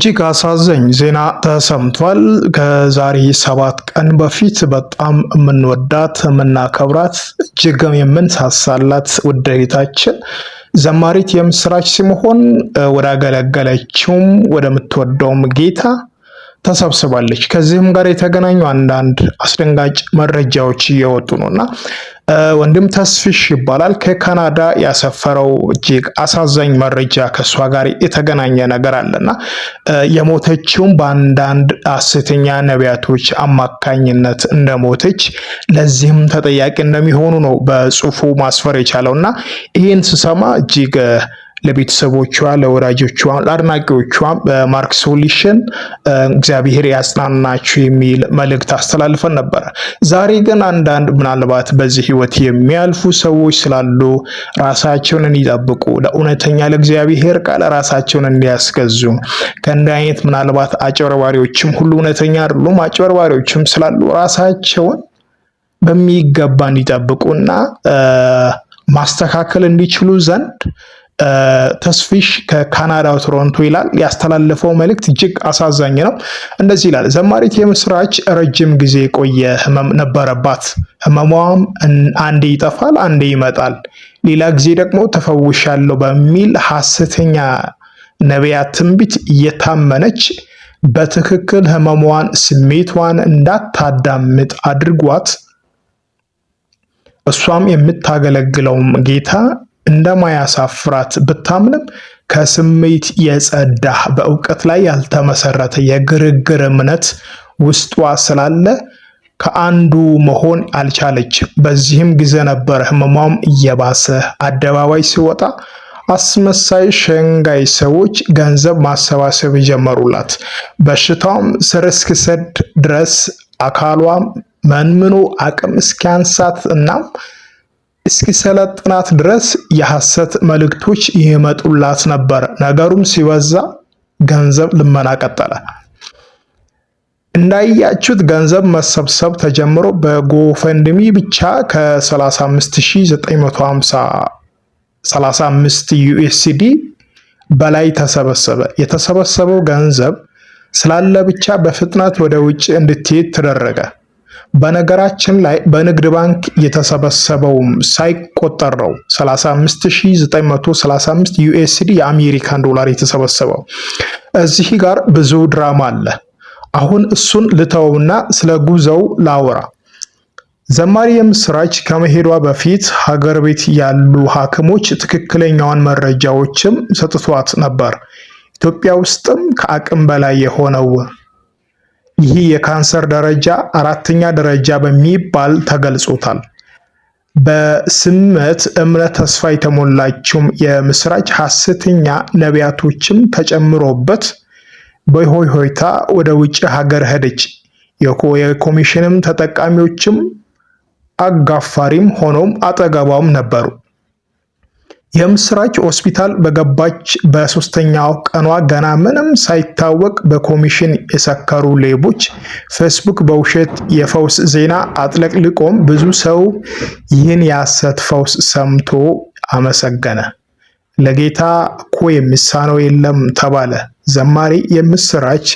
እጅግ አሳዘኝ ዜና ተሰምቷል። ከዛሬ ሰባት ቀን በፊት በጣም የምንወዳት የምናከብራት እጅግም የምንሳሳላት ውድ ዘማሪት የምስራች ሲሆን ወዳገለገለችውም ወደምትወደውም ጌታ ተሰብስባለች። ከዚህም ጋር የተገናኙ አንዳንድ አስደንጋጭ መረጃዎች እየወጡ ነው እና ወንድም ተስፍሽ ይባላል። ከካናዳ ያሰፈረው እጅግ አሳዛኝ መረጃ ከእሷ ጋር የተገናኘ ነገር አለና የሞተችውም በአንዳንድ ሐሰተኛ ነቢያቶች አማካኝነት እንደሞተች ለዚህም ተጠያቂ እንደሚሆኑ ነው በጽሁፉ ማስፈር የቻለው እና ይህን ስሰማ እጅግ ለቤተሰቦቿ፣ ለወዳጆቿ፣ ለአድናቂዎቿ በማርክ ሶሊሽን እግዚአብሔር ያጽናናችሁ የሚል መልእክት አስተላልፈን ነበረ ዛሬ ግን አንዳንድ ምናልባት በዚህ ህይወት የሚያልፉ ሰዎች ስላሉ ራሳቸውን እንዲጠብቁ ለእውነተኛ ለእግዚአብሔር ቃል ራሳቸውን እንዲያስገዙ ከእንዲህ አይነት ምናልባት አጭበርባሪዎችም ሁሉ እውነተኛ አይደሉም አጭበርባሪዎችም ስላሉ ራሳቸውን በሚገባ እንዲጠብቁና ማስተካከል እንዲችሉ ዘንድ ተስፊሽ ከካናዳው ቶሮንቶ ይላል። ያስተላለፈው መልእክት እጅግ አሳዛኝ ነው። እንደዚህ ይላል። ዘማሪት የምስራች ረጅም ጊዜ የቆየ ህመም ነበረባት። ህመሟም አንዴ ይጠፋል፣ አንዴ ይመጣል፣ ሌላ ጊዜ ደግሞ ተፈውሻለሁ በሚል ሐሰተኛ ነቢያት ትንቢት እየታመነች በትክክል ህመሟን፣ ስሜቷን እንዳታዳምጥ አድርጓት እሷም የምታገለግለውም ጌታ እንደማያሳፍራት ብታምንም ከስሜት የጸዳ በእውቀት ላይ ያልተመሰረተ የግርግር እምነት ውስጧ ስላለ ከአንዱ መሆን አልቻለች በዚህም ጊዜ ነበረ ህመሟም እየባሰ አደባባይ ሲወጣ አስመሳይ ሸንጋይ ሰዎች ገንዘብ ማሰባሰብ ጀመሩላት በሽታውም ስር እስኪሰድ ድረስ አካሏ መንምኖ አቅም እስኪያንሳት እናም እስኪሰለጥናት ጥናት ድረስ የሐሰት መልእክቶች ይመጡላት ነበር። ነገሩም ሲበዛ ገንዘብ ልመና ቀጠለ። እንዳያችሁት ገንዘብ መሰብሰብ ተጀምሮ በጎፈንድሚ ብቻ ከ 35 ዩኤስዲ በላይ ተሰበሰበ። የተሰበሰበው ገንዘብ ስላለ ብቻ በፍጥነት ወደ ውጭ እንድትሄድ ተደረገ። በነገራችን ላይ በንግድ ባንክ የተሰበሰበውም ሳይቆጠር ነው 35935 ዩኤስዲ የአሜሪካን ዶላር የተሰበሰበው። እዚህ ጋር ብዙ ድራማ አለ። አሁን እሱን ልተውና ስለ ጉዞው ላውራ። ዘማሪ የምስራች ከመሄዷ በፊት ሀገር ቤት ያሉ ሐኪሞች ትክክለኛዋን መረጃዎችም ሰጥቷት ነበር። ኢትዮጵያ ውስጥም ከአቅም በላይ የሆነው ይህ የካንሰር ደረጃ አራተኛ ደረጃ በሚባል ተገልጾታል። በስመት እምነት ተስፋ የተሞላችውም የምስራች ሐሰተኛ ነቢያቶችም ተጨምሮበት በሆይ ሆይታ ወደ ውጭ ሀገር ሄደች። የኮሚሽንም ተጠቃሚዎችም አጋፋሪም ሆኖም አጠገቧም ነበሩ። የምስራች ሆስፒታል በገባች በሶስተኛው ቀኗ ገና ምንም ሳይታወቅ በኮሚሽን የሰከሩ ሌቦች ፌስቡክ በውሸት የፈውስ ዜና አጥለቅልቆም ብዙ ሰው ይህን የሐሰት ፈውስ ሰምቶ አመሰገነ። ለጌታ እኮ የሚሳነው የለም ተባለ። ዘማሪ የምስራች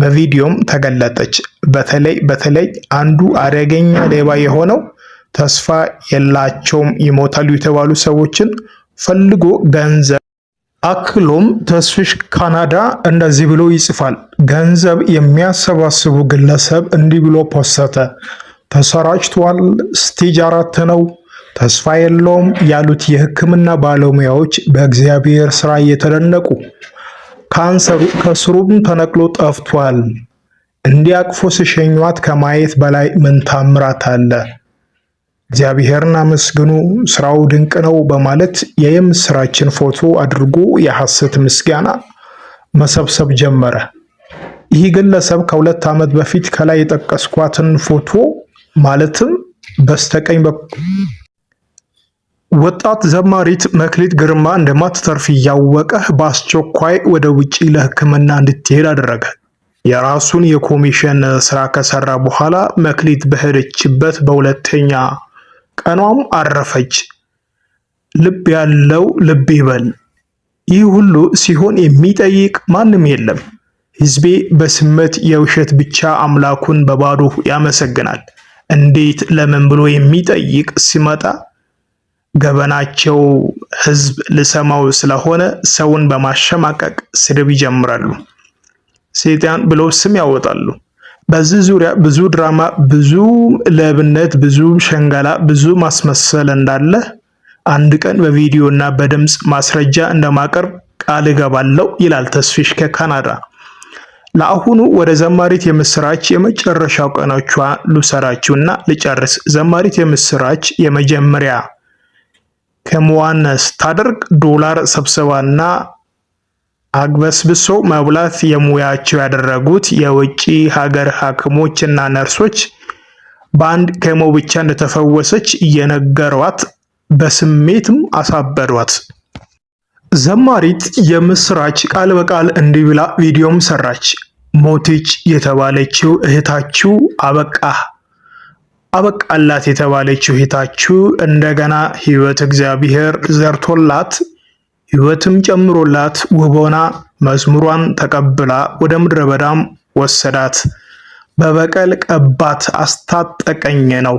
በቪዲዮም ተገለጠች። በተለይ በተለይ አንዱ አደገኛ ሌባ የሆነው ተስፋ የላቸውም ይሞታሉ የተባሉ ሰዎችን ፈልጎ ገንዘብ አክሎም ተስፍሽ ካናዳ እንደዚህ ብሎ ይጽፋል። ገንዘብ የሚያሰባስቡ ግለሰብ እንዲህ ብሎ ፖሰተ። ተሰራጭቷል። ስቴጅ አራት ነው። ተስፋ የለውም ያሉት የሕክምና ባለሙያዎች በእግዚአብሔር ሥራ እየተደነቁ ካንሰሩ ከስሩም ተነቅሎ ጠፍቷል። እንዲያቅፎ ስሸኟት ከማየት በላይ ምን ታምራት አለ? እግዚአብሔርን አመስግኑ ስራው ድንቅ ነው በማለት ስራችን ፎቶ አድርጎ የሐሰት ምስጋና መሰብሰብ ጀመረ። ይህ ግለሰብ ከሁለት ዓመት በፊት ከላይ የጠቀስኳትን ፎቶ ማለትም በስተቀኝ ወጣት ዘማሪት መክሊት ግርማ እንደማትተርፍ እያወቀ በአስቸኳይ ወደ ውጪ ለሕክምና እንድትሄድ አደረገ። የራሱን የኮሚሽን ስራ ከሰራ በኋላ መክሊት በሄደችበት በሁለተኛ ቀኗም አረፈች። ልብ ያለው ልብ ይበል። ይህ ሁሉ ሲሆን የሚጠይቅ ማንም የለም። ሕዝቤ በስመት የውሸት ብቻ አምላኩን በባዶ ያመሰግናል። እንዴት ለምን ብሎ የሚጠይቅ ሲመጣ ገበናቸው ሕዝብ ልሰማው ስለሆነ ሰውን በማሸማቀቅ ስድብ ይጀምራሉ። ሰይጣን ብለው ስም ያወጣሉ። በዚህ ዙሪያ ብዙ ድራማ፣ ብዙ ለብነት፣ ብዙ ሸንገላ፣ ብዙ ማስመሰል እንዳለ አንድ ቀን በቪዲዮ እና በድምፅ ማስረጃ እንደማቀርብ ቃል እገባለሁ ይላል ተስፊሽ ከካናዳ። ለአሁኑ ወደ ዘማሪት የምስራች የመጨረሻው ቀኖቿ እና ልጨርስ። ዘማሪት የምስራች የመጀመሪያ ከመዋነስ ታደርግ ዶላር ሰብሰባና አግበስብሶ መብላት የሙያቸው ያደረጉት የውጭ ሀገር ሐኪሞች እና ነርሶች በአንድ ኬሞ ብቻ እንደተፈወሰች እየነገሯት በስሜትም አሳበዷት። ዘማሪት የምስራች ቃል በቃል እንዲህ ብላ ቪዲዮም ሰራች። ሞትች የተባለችው እህታችሁ አበቃ አበቃላት የተባለችው እህታችሁ እንደገና ህይወት እግዚአብሔር ዘርቶላት ሕይወትም ጨምሮላት ውቦና መዝሙሯን ተቀብላ ወደ ምድረ በዳም ወሰዳት። በበቀል ቀባት፣ አስታጠቀኝ ነው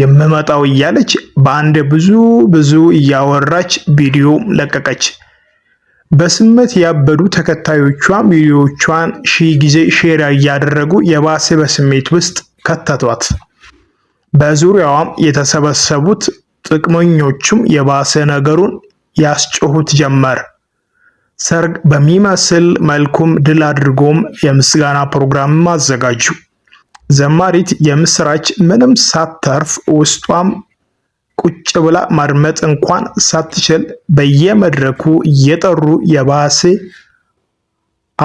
የምመጣው እያለች በአንድ ብዙ ብዙ እያወራች ቪዲዮ ለቀቀች። በስሜት ያበዱ ተከታዮቿም ቪዲዮቿን ሺህ ጊዜ ሼር እያደረጉ የባሰ በስሜት ውስጥ ከተቷት። በዙሪያዋም የተሰበሰቡት ጥቅመኞቹም የባሰ ነገሩን ያስጮሁት ጀመር። ሰርግ በሚመስል መልኩም ድል አድርጎም የምስጋና ፕሮግራም አዘጋጁ። ዘማሪት የምስራች ምንም ሳተርፍ ውስጧም ቁጭ ብላ ማድመጥ እንኳን ሳትችል በየመድረኩ እየጠሩ የባሴ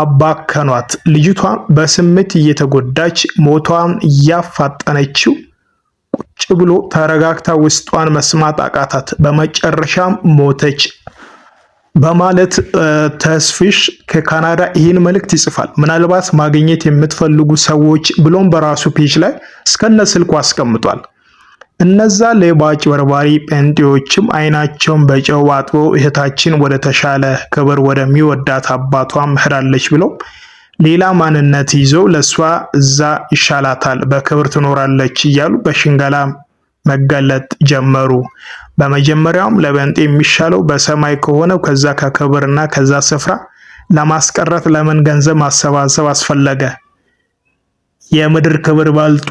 አባከኗት። ልጅቷም በስሜት እየተጎዳች ሞቷን እያፋጠነችው ቁጭ ብሎ ተረጋግታ ውስጧን መስማት አቃታት። በመጨረሻም ሞተች በማለት ተስፊሽ ከካናዳ ይህን መልእክት ይጽፋል። ምናልባት ማግኘት የምትፈልጉ ሰዎች ብሎም በራሱ ፔጅ ላይ እስከነ ስልኩ አስቀምጧል። እነዛ ሌባ አጭበርባሪ ጴንጤዎችም አይናቸውን በጨው አጥበው እህታችን ወደ ተሻለ ክብር ወደሚወዳት አባቷ ሄዳለች ብለው ሌላ ማንነት ይዘው ለእሷ እዛ ይሻላታል፣ በክብር ትኖራለች እያሉ በሽንገላ መገለጥ ጀመሩ። በመጀመሪያውም ለበንጤ የሚሻለው በሰማይ ከሆነው ከዛ ከክብርና ከዛ ስፍራ ለማስቀረት ለምን ገንዘብ ማሰባሰብ አስፈለገ? የምድር ክብር በልጦ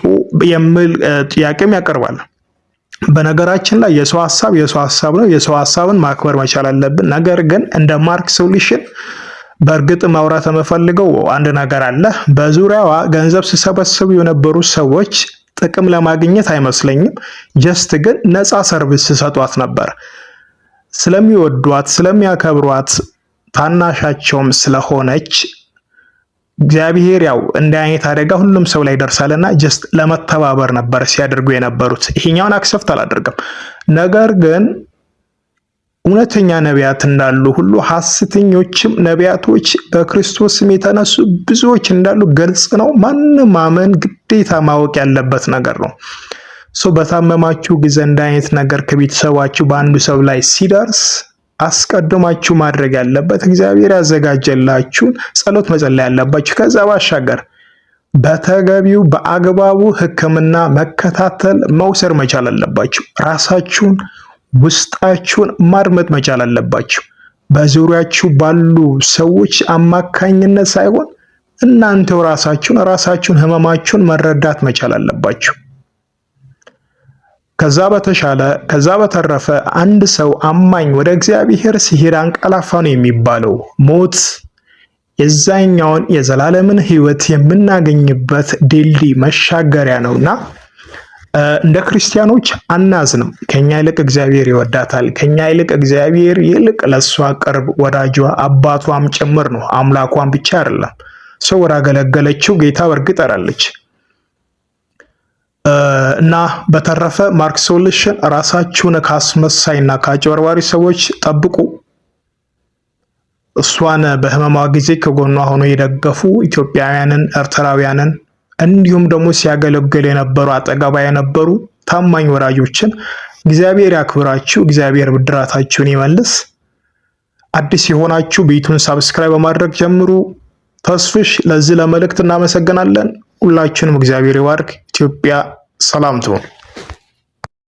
የሚል ጥያቄም ያቀርባል። በነገራችን ላይ የሰው ሀሳብ የሰው ሀሳብ ነው። የሰው ሀሳብን ማክበር መቻል አለብን። ነገር ግን እንደ ማርክ ሶሊሽን በእርግጥ ማውራት የምፈልገው አንድ ነገር አለ። በዙሪያዋ ገንዘብ ሲሰበስቡ የነበሩ ሰዎች ጥቅም ለማግኘት አይመስለኝም። ጀስት ግን ነፃ ሰርቪስ ሲሰጧት ነበር። ስለሚወዷት፣ ስለሚያከብሯት ታናሻቸውም ስለሆነች እግዚአብሔር ያው እንደ አይነት አደጋ ሁሉም ሰው ላይ ደርሳልና ጀስት ለመተባበር ነበር ሲያደርጉ የነበሩት። ይሄኛውን አክሰፍት አላደርግም ነገር ግን እውነተኛ ነቢያት እንዳሉ ሁሉ ሐሰተኞችም ነቢያቶች ስም የተነሱ ብዙዎች እንዳሉ ገልጽ ነው። ማንም ማመን ግዴታ ማወቅ ያለበት ነገር ነው። ሶ በታመማችሁ ጊዜ እንደ አይነት ነገር ከቤተሰባችሁ በአንዱ ሰው ላይ ሲደርስ አስቀድማችሁ ማድረግ ያለበት እግዚአብሔር ያዘጋጀላችሁን ጸሎት መጸለይ ያለባችሁ። ከዛ ባሻገር በተገቢው በአግባቡ ሕክምና መከታተል መውሰድ መቻል አለባችሁ ራሳችሁን ውስጣችሁን ማርመጥ መቻል አለባችሁ። በዙሪያችሁ ባሉ ሰዎች አማካኝነት ሳይሆን እናንተው ራሳችሁን ራሳችሁን ህመማችሁን መረዳት መቻል አለባችሁ። ከዛ በተሻለ ከዛ በተረፈ አንድ ሰው አማኝ ወደ እግዚአብሔር ሲሄድ አንቀላፋ ነው የሚባለው። ሞት የዛኛውን የዘላለምን ህይወት የምናገኝበት ድልድይ መሻገሪያ ነውና እንደ ክርስቲያኖች አናዝንም። ከኛ ይልቅ እግዚአብሔር ይወዳታል። ከኛ ይልቅ እግዚአብሔር ይልቅ ለእሷ ቅርብ ወዳጇ አባቷም ጭምር ነው። አምላኳም ብቻ አይደለም። ሰው ወዳገለገለችው ጌታ በእርግጥ ጠራለች። እና በተረፈ ማርክ ሶሉሽን ራሳችሁን ከአስመሳይና ከአጭበርባሪ ሰዎች ጠብቁ። እሷን በህመማ ጊዜ ከጎኗ ሆኖ የደገፉ ኢትዮጵያውያንን፣ ኤርትራውያንን እንዲሁም ደግሞ ሲያገለግል የነበሩ አጠገባ የነበሩ ታማኝ ወዳጆችን እግዚአብሔር ያክብራችሁ፣ እግዚአብሔር ብድራታችሁን ይመልስ። አዲስ የሆናችሁ ቤቱን ሳብስክራይብ በማድረግ ጀምሩ። ተስፍሽ ለዚህ ለመልእክት እናመሰግናለን። ሁላችሁንም እግዚአብሔር ይባርክ። ኢትዮጵያ ሰላም ትሁን።